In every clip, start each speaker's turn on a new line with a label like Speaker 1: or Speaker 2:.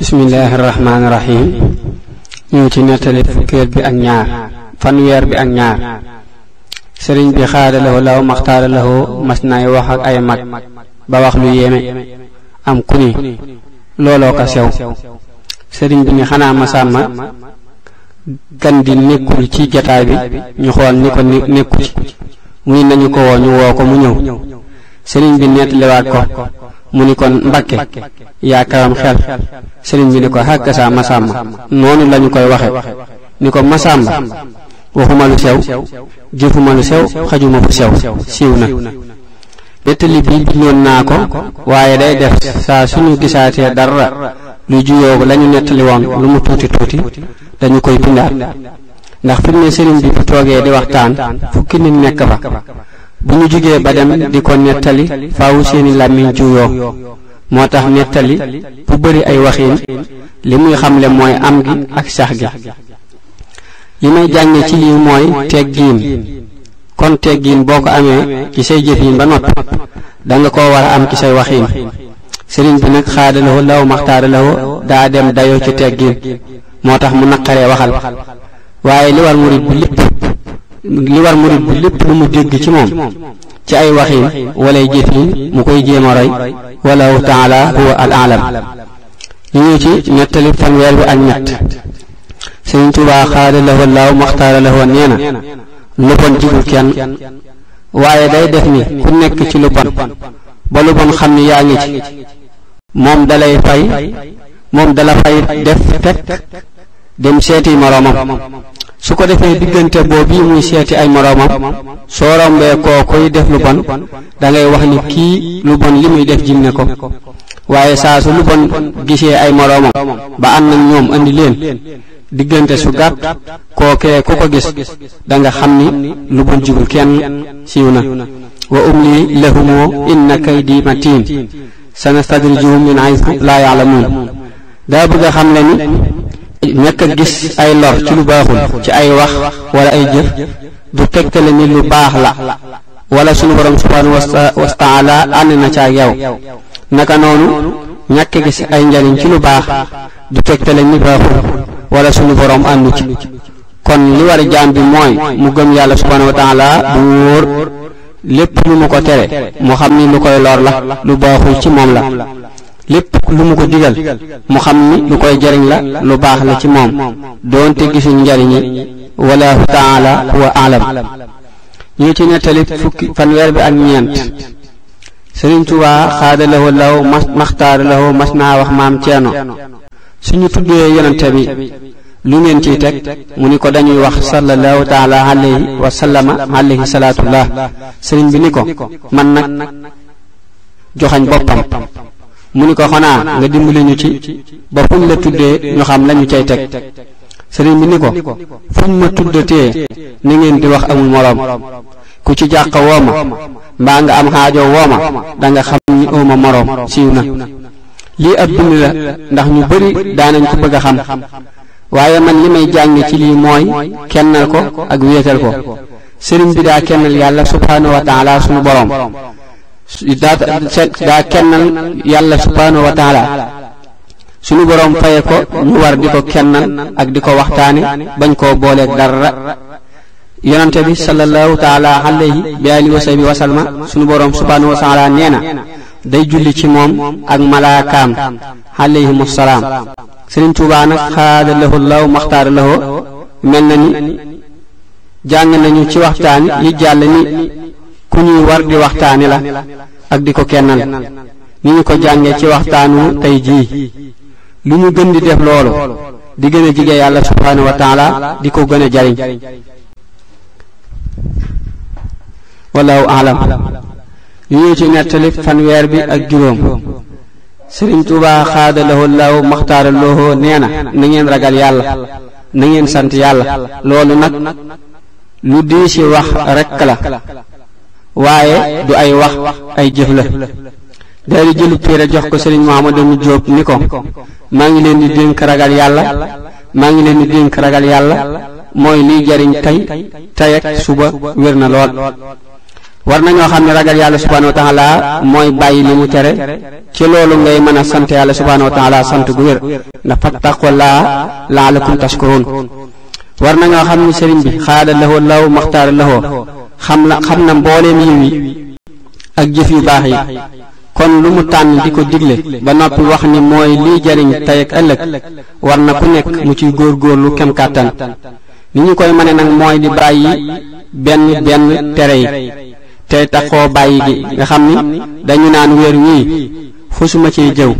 Speaker 1: bismillaahi rahmaani rahiim ñu ci nettali fukkeel bi ak ñaar fanweer bi ak ñaar sëriñ bi xaadalawoo law maxtaaralawoo mas nay wax ay mag ba wax lu yéeme am ku ni looloo ko sew sëriñ bi ni xanaa ma sàmma gan di nekkul ci jataay bi ñu xool ni ko nekku ci mu ni nañu ko woo ñu woo ko mu ñëw sëriñ bi nettaliwaat ko mu ni kon mbakke yaa kawam xel sëriñ bi ni ko hàkkasa masamba noonu lañu koy waxe
Speaker 2: ni ko masamba
Speaker 1: waxuma lu sew jëfuma lu sew xajuma fu sew siiw na nettali bi bindoon naa ko waaye day def saa suñu gisaatee dara lu juyoo lañu nettali woon lu mu tuuti tuuti dañu koy bindaat ndax fi mu ne sëriñ bi bu toogee di waxtaan fukki nit nekk fa bu ñu jugee ba dem di ko nettali faaw seeni làmmiñ juyoo moo tax nettali bu bëri ay waxiin li muy xamle mooy am gi ak sax gi may ci lii mooy teggiin kon teggiin boo ko amee ci say jëfiin ba nopp da nga koo war am ci say waxiin sëriñ bi nag xaadalahu law maxtaara lahu daa dem dayo ci teggiin moo tax mu naqaree waxal waaye li war bu lépp li war murid bi lépp lu mu dégg ci moom ci ay waxin walay jëfin mu koy jéem a roy wallahu taala huwa al alam ñu ñëw ci nettali fanweer bi ak ñett Sëriñ Tuubaa xaada la wallaahu maxtaara la woon nee na lu bon jigul kenn waaye day def ni ku nekk ci lu bon ba lu bon xam ni yaa ngi ci moom dalay fay moom dala fay def fekk dem seeti moroomam su ko defee diggante boobu yi muy seeti ay moroomam soo rombee koo koy def lu bon da ngay wax ni kii lu bon li muy def jim ne ko waaye saa su lu bon gisee ay moroomam ba ànd ak ñoom andi leen diggante su gàtt kookee ku ko gis da nga xam ni lu bon jigul kenn siiw na wa umli lahumoo inna kaydi matin sanastadrijuhum min haysu laa yaalamuun daa bëgg a xam le ni ñàkk a gis ay lor ci lu baaxul ci ay wax wala ay jëf du tegtale ni lu baax la wala sunu borom subhanahu wa taala ànd na ca ak yow naka noonu ñàkk a gis ay njariñ ci lu baax du tegtale ni baaxul wala sunu borom àndu ci kon li war a jaam bi mooy mu gëm yàlla subhanahu wa taala bu wóor lépp lu mu ko tere mu xam ni lu koy lor la lu baaxul ci moom la lépp lu mu ko digal mu xam ni lu koy jariñ la lu baax la ci moom doonte gisuñ njariñi wallahu taala huwa alam ñu ci nettali fukki fanweer bi ak ñeent Sëriñ Tuubaa xaada lahu law mas naa wax maam ceeno suñu tuddee yonente bi lu ngeen ciy teg mu ni ko dañuy wax sallallahu taala alayhi wa sallama alayhi salaatullah sëriñ bi ni ko man nag joxañ boppam mu ni ko xanaa nga dimbali ñu ci ba fuñ la tuddee ñu xam lañu cay teg sëriñ bi ni ko fuñ ma tuddatee ni ngeen di wax amul moroom ku ci jàq wooma mbaa nga am xaajo wooma danga xam ni ooma moroom siiw na lii ab bind la ndax ñu bari daanañ ko bëgg a xam waaye man li may jàng ci lii mooy kennal ko ak wéetal ko sëriñ bi daa kennal yàlla subhaanahu wa taala sunu boroom daa daa kennal yàlla subhaanahu wa suñu boroom faye ko ñu war di ko kennal ak di ko waxtaane bañ koo booleeg dara yonente bi sallallahu taala suñu boroom subhaanahu day julli ci moom ak malaakaam alayhim assalaam sëriñ tuubaa nag xaada lahu law maxtaara lahu mel na ni jàng nañu ci waxtaan yi jàll ni ku ñuy war di waxtaani la ak di ko kennal ni ñu ko jànge ci waxtaanu tey jii lu ñu gën di def loolu di gëna a jige yàlla subhaanahu wa di ko gën a jariñ wallahu alam ñu ñëw ci nettali fanweer bi ak juróom sëriñ tuuba xaadalahu law maxtaara loohoo nee na na ngeen ragal yàlla na ngeen sant yàlla loolu nag lu diisi wax rekk la waaye du ay wax ay jëf la day di jëlu téere jox ko sëriñ Mouhamadou Diop ni ko maa ngi leen di dénk ragal yàlla maa ngi leen di dénk ragal yàlla
Speaker 2: mooy liy jariñ tey tey ak suba wér na lool
Speaker 1: war nañoo xam ne ragal yàlla subhaanahu wa taala mooy bàyyi li mu tere ci loolu ngay mën a sant yàlla subhaanahu wa taala sant gu wér na fattaqullaaha laalakum tashkuruun war nañoo xam ne sëriñ bi xaada la law maxtaara lahu xam na xam na mbooleem yiw yi ak jëf yu baax yi kon lu mu tànn di ko digle ba noppi wax ni mooy lii jariñ tey ak ëllëg war na ku nekk mu ciy góorgóorlu kem kàttan ni ñu koy mëne nag mooy di bàyyi benn benn tere yi tey taxoo bàyyi gi nga xam ni dañu naan weer wii fosuma cee jëw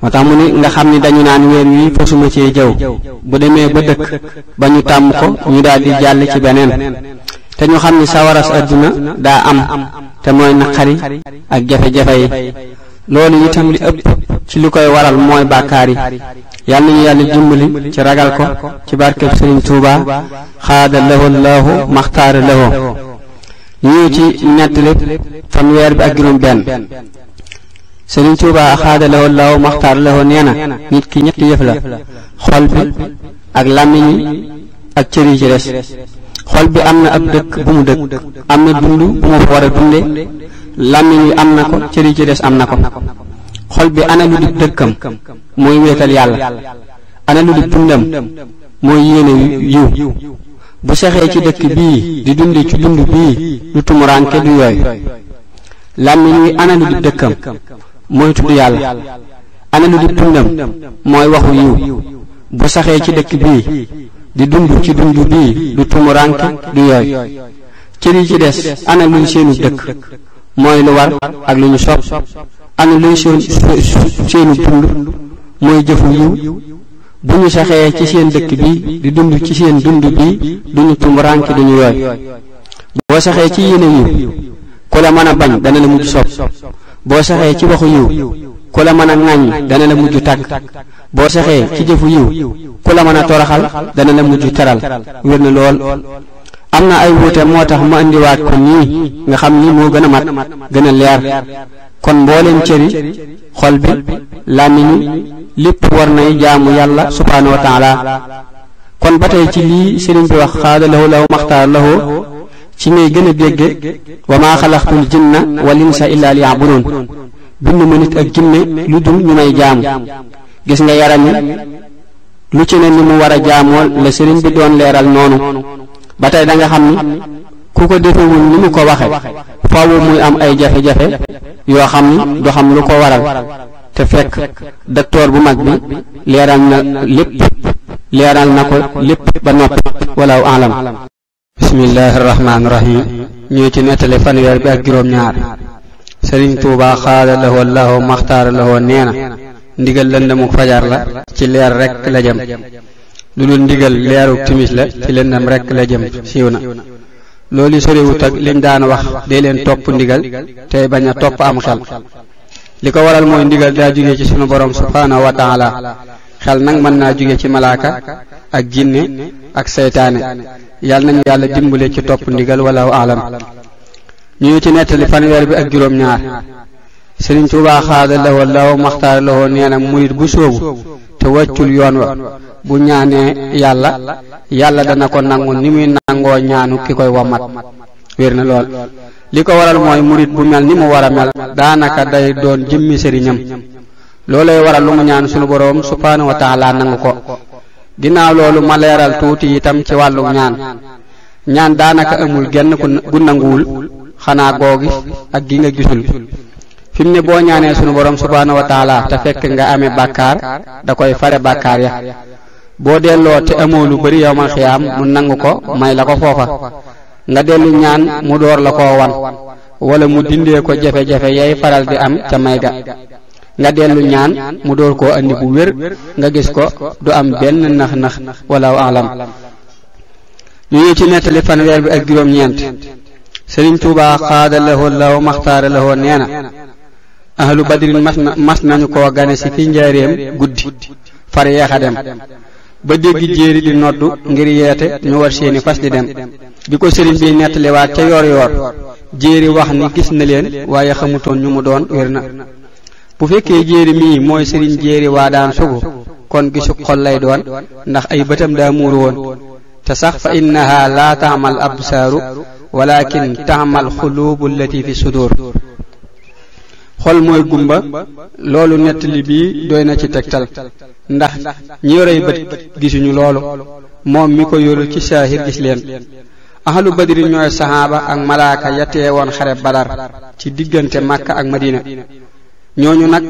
Speaker 1: moo tax mu ni nga xam ni dañu naan weer wii fosuma cee jëw bu demee ba dëkk ba ñu tàmm ko ñu daal di jàll ci beneen
Speaker 2: te ñu xam ni sawaras àdduna daa am te mooy naqari ak jafe-jafe yi
Speaker 1: loolu itam li ëpp ci li koy waral mooy bàkkaar yi yàlla nañu yàlla li ci ragal ko ci barkeb sëriñ Tuuba xaada lahu laahu maxtaara lahu ñëw ci nettali fanweer bi ak juróom benn sëriñ Tuuba xaada lahu laahu maxtaara lahu nee na nit ki ñetti yëf la xol bi ak làmmiñ yi ak cër yi ci des xol bi am na ab dëkk bu mu dëkk am na dund bu mu fa war a dunde làmmiñ wi am na ko cër yi ci des am na ko xol bi ana lu di dëkkam mooy wéetal yàlla ana lu di dundam mooy yéene yiw bu saxee ci dëkk bii di dunde ci dund bii lu tumuraanke du yooyu làmmiñ ana lu di dëkkam mooy tudd dundam mooy waxu yiw bu saxee ci dëkk bii di dund ci dund bii du tumuranke du yooy ci li ci des ana luy seenu dëkk mooy lu war ak lu ñu sopp ana luy seen seenu dund mooy jëfu yiw bu ñu saxee ci seen dëkk bi di dund ci seen dund bi duñu tumuranke duñu yooy boo saxee ci yéene yiw ku la mën a bañ dana la mujj sopp boo saxee ci waxu yiw ku la mën a ŋàññ dana la mujj tàgg boo saxee ci jëfu yiw ku la mën a toroxal dana la mujj teral wér na lool am na ay wuute moo tax ma indiwaat ko nii nga xam ni moo gën a mat gën a leer kon mbooleem cëri xol bi làmmiñu lépp war nay jaamu yàlla subhaanahu wa taala kon ba tey ci lii sëriñ bi wax xaada lahu lahu maxtaar lahu ci ngay gën a dégge wa maa xalaqtul jinna wal insa illa liya'budun bind ma nit ak jinne lu dul ñu may jaamu gis nga yaram yi lu ci ne ni mu war a jaamoo la sëriñ bi doon leeral noonu ba tey da nga xam ni ku ko defewul ni mu ko waxe faawu muy am ay jafe-jafe yoo xam ni du xam lu ko waral te fekk docteur bu mag bi leeral na lépp leeral na ko lépp ba noppi walaw alam bismillahi rahmaani rahim ñoo ci nettali fanweer bi ak juróom ñaar sëriñ Tuuba xaada la woo la woo maxtaara la woo nee na ndigal lëndamuk fajar la ci leer rekk la jëm lu dul ndigal leeruk timis la ci lëndam rekk la jëm siiw na loolu soriwut ak liñ daan wax dee leen topp ndigal tey bañ a topp am xel li ko waral mooy ndigal daa jóge ci sunu borom subhaanahu wa taala xel nag mën naa jóge ci malaaka ak jinne ak seytaane yàlla nañu yàlla dimbale ci topp ndigal walaahu alam ñu ci nettali fanweer bi ak juróom-ñaar sëriñ Tuubaa xaada lawoo law maxtaar lawoo nee na murit bu sóobu te wàccul yoon wa bu ñaanee yàlla yàlla dana ko nangu ni muy nangoo ñaanu ki koy wamat wér na lool li ko waral mooy murit bu mel ni mu war a mel daanaka day doon jëmmi sëriñam loolay waral lu mu ñaan sunu boroom subhaanahu wa taala nangu ko ginnaaw loolu ma leeral tuuti itam ci wàllu ñaan ñaan daanaka amul genn ku nanguwul xana gogi ak gi nga gisul fim ne boo ñaanee borom subhanahu wa taala ta fekk nga amé bakkar da koy faré bakkar ya bo delloo te amo lu bari yow man xiyam mu nang ko may la ko fofa nga dellu ñaan mu door la ko wan wala mu dindé ko jafé jafé yay faral di am ca may ga nga dellu ñaan mu door ko andi bu wër nga gis ko du am ben nax-nax wala alam ñu ñëw ci nettali fanweer bi ak juroom ñent sëriñ Tuubaa xaada lahoo law maxtaara lahoo nee na ahlu badrin mas na mas nañu ko gane si fi njaareem guddi far yeex a dem ba dégg jéeri di noddu ngir yeete ñu war seeni fas di dem bi ko sëriñ bi nettaliwaat ca yoor yoor jéeri wax ni gis na leen waaye xamutoon ñu mu doon wér na bu fekkee jéeri mii mooy sëriñ jéeri waa daan sugu kon gisu xol lay doon ndax ay bëtam daa muur woon te sax fa innaha laa taamal absaaru walakin taamal xuluubu lati fi sudur xool mooy gumba loolu nettali bi doy na ci tegtal ndax ñi yorey bët gisuñu loolu moom mi ko yorul ci saahir gis leen ahlu badri ñooy saxaaba ak malaaka ya teewoon xare badar ci diggante màkka ak madina ñooñu nag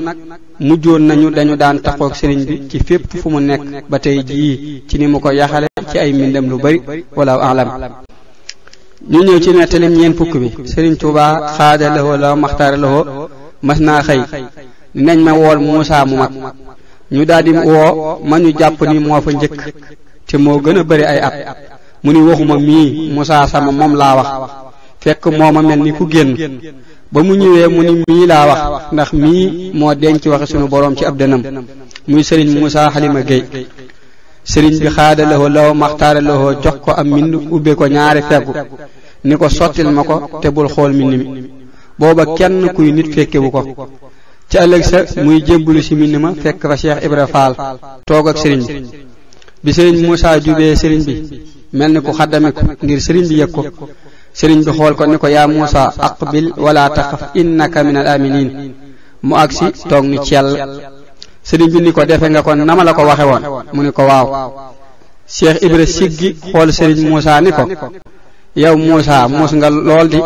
Speaker 1: mujjoon nañu dañu daan taxoog sëriñ bi ci fépp fu mu nekk ba tey jii ci ni mu ko yaxale ci ay mbindam lu bari wala alam ñu ñëw ci nettalim ñeen fukk bi sëriñ Tuuba xaada laxoo la maxtaara laxoo mas naa xëy nañ ma wool Muusaa mu mag ñu daldi woo ma ñu jàpp ni moo fa njëkk te moo gën a bari ay at mu ni waxuma mii Muusaa sama moom laa wax fekk moo ma mel ni ku génn ba mu ñëwee mu ni mii laa wax ndax mii moo denc waxe sunu borom ci ab dënam muy sëriñ Muusaa Xalima Géey sëriñ bi xaadalewoo law maxtaaralewoo jox ko am mbind ubbe ko ñaari feggu ni ko sottil ma ko te bul xool mbind mi booba kenn kuy nit fekkewu ko ci ëllëg sa muy jébbalu si mbind ma fekk fa Cheikh Ibra Fall toog ak sëriñ bi bi sëriñ Moussa jubee sëriñ bi mel ni ku xaddamiku ngir sëriñ bi yëg ko sëriñ bi xool ko ni ko yaa Moussa aqbil wala taqaf innaka min al mu agsi toog ni ciel sëriñ bi ni ko defe nga ko nama la ko waxe woon mu ni ko waaw Cheikh Ibra gi xool sëriñ Moussa ni ko yow Moussa mos nga lool di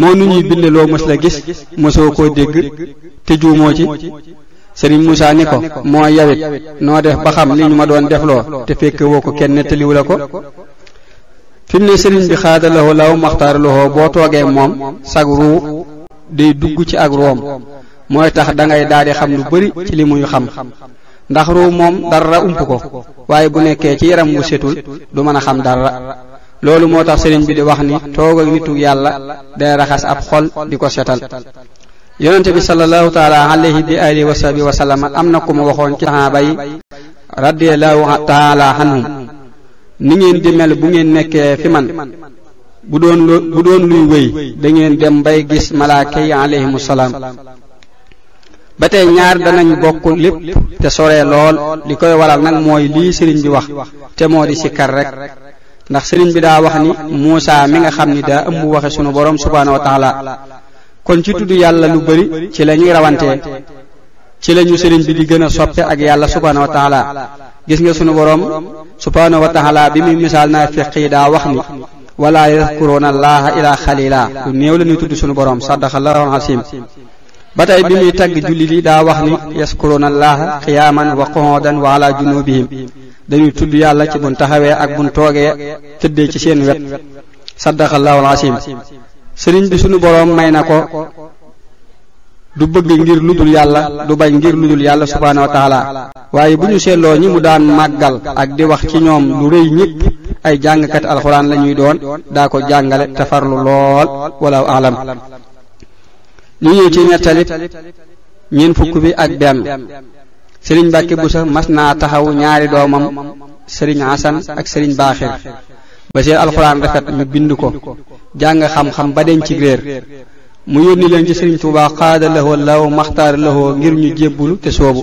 Speaker 1: moo nu ñuy binde loo mos la gis mosoo koo dégg te juumoo ci sëriñ Moussa ni ko moo yawit noo def ba xam li ñu ma doon defloo te fekk ko kenn nettaliwu la ko fi mu ne sëriñ bi xaadalawoo law maxtaaralawoo boo toogee moom sag ruu day dugg ci ak room mooy tax da ngay daal di xam lu bari ci li muy xam ndax ruu moom dara ump ko waaye bu nekkee ci yaram wu setul du mën a xam dara loolu moo tax sëriñ bi di wax ni toog ak nitu yàlla day raxas ab xol di ko setal yonente bi sallallahu taala alayhi bi wa sahbi wa sallam am na ku ma waxoon ci saxaaba yi radiallahu taala anhum ni ngeen di mel bu ngeen nekkee fi man bu doon lu bu doon luy wéy da ngeen dem bay gis malaaka yi alayhimu salaam ba tey ñaar danañ bokk lépp te soree lool li koy waral nag mooy lii sëriñ bi wax te moo di sikkar rek ndax sëriñ bi daa wax ni Muusaa mi nga xam ni daa ëmb waxe sunu borom subhaanahu wa taala kon ci tudd yàlla lu bari ci la ñuy rawantee ci la ñu sëriñ bi di gën a soppe ak yàlla subhaanahu wa taala gis nga sunu borom subhaanahu wa taala bi muy misaal naa fiq yi daa wax ni wala yadkuruuna allaha ila xalila lu néew la ñuy tudd sunu borom sadaqallahu asim ba tey bi muy tagg julli li daa wax ni yaskuruuna allaha qiyaaman wa qu'udan wa ala junubihim dañuy tudd yàlla ci buñ taxawee ak buñ toogee tëddee ci seen wet saddaxallahu alazim sëriñ bi suñu boroom may na ko du bëgg ngir ludul yàlla du bañ ngir ludul yàlla subhaanahu wa taala waaye bu ñu seetloo ñi mu daan màggal ak di wax ci ñoom lu rëy ñëpp ay jàngkat alxuraan la ñuy doon daa ko jàngale te farlu lool wala alam ñu ñëw ci nettali ñeent fukk bi ak benn sëriñ Mbàkke Buso mas naa taxaw ñaari doomam sëriñ Asan ak sëriñ Baaxir ba seen alxuraan rafet ñu bind ko jàng xam-xam ba denc réer mu yónni leen ci sëriñ Tuubaa xaada lahoo law maxtaar lahoo ngir ñu jébbulu te soobu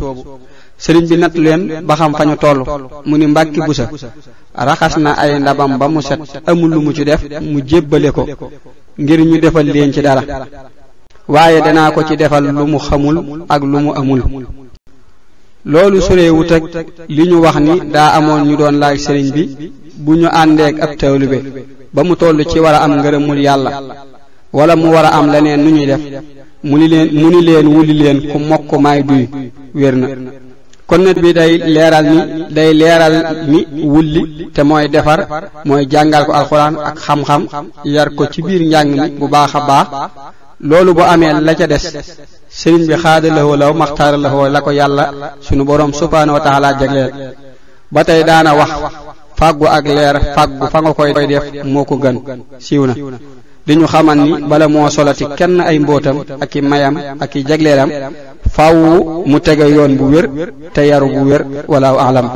Speaker 1: sëriñ bi natt leen ba xam fañu toll mu ni Mbàkke Buso raxas na ay ndabam ba mu set amul lu mu ci def mu jébbale ko ngir ñu defal leen ci dara waaye danaa ko ci defal lu mu xamul ak lu mu amul loolu sorewut ak li ñu wax ni daa amoon ñu doon laaj sëriñ bi bu ñu àndeek ab tawlibe ba mu toll ci war a am ngërëmul yàlla wala mu war a am leneen lu ñuy def mu ni leen mu ni leen wuli leen ku mokk maay duy wér na kon bi day leeral ni day leeral ni wulli te mooy defar mooy jàngal ko alxuraan ak xam-xam yar ko ci biir njàng mi bu baax a baax loolu bu amee la ca des sëriñ bi xaada la law maxtaara la la ko yàlla sunu borom subhanahu wa taala jagleel ba tey daana wax fàggu ak leer fàggu fa nga koy def moo ko gën siiw na di ñu xamal ni bala moo solati kenn ay mbootam ak i mayam ak i jagleelam faaw mu tege yoon bu wér te yaru bu wér walaaw alam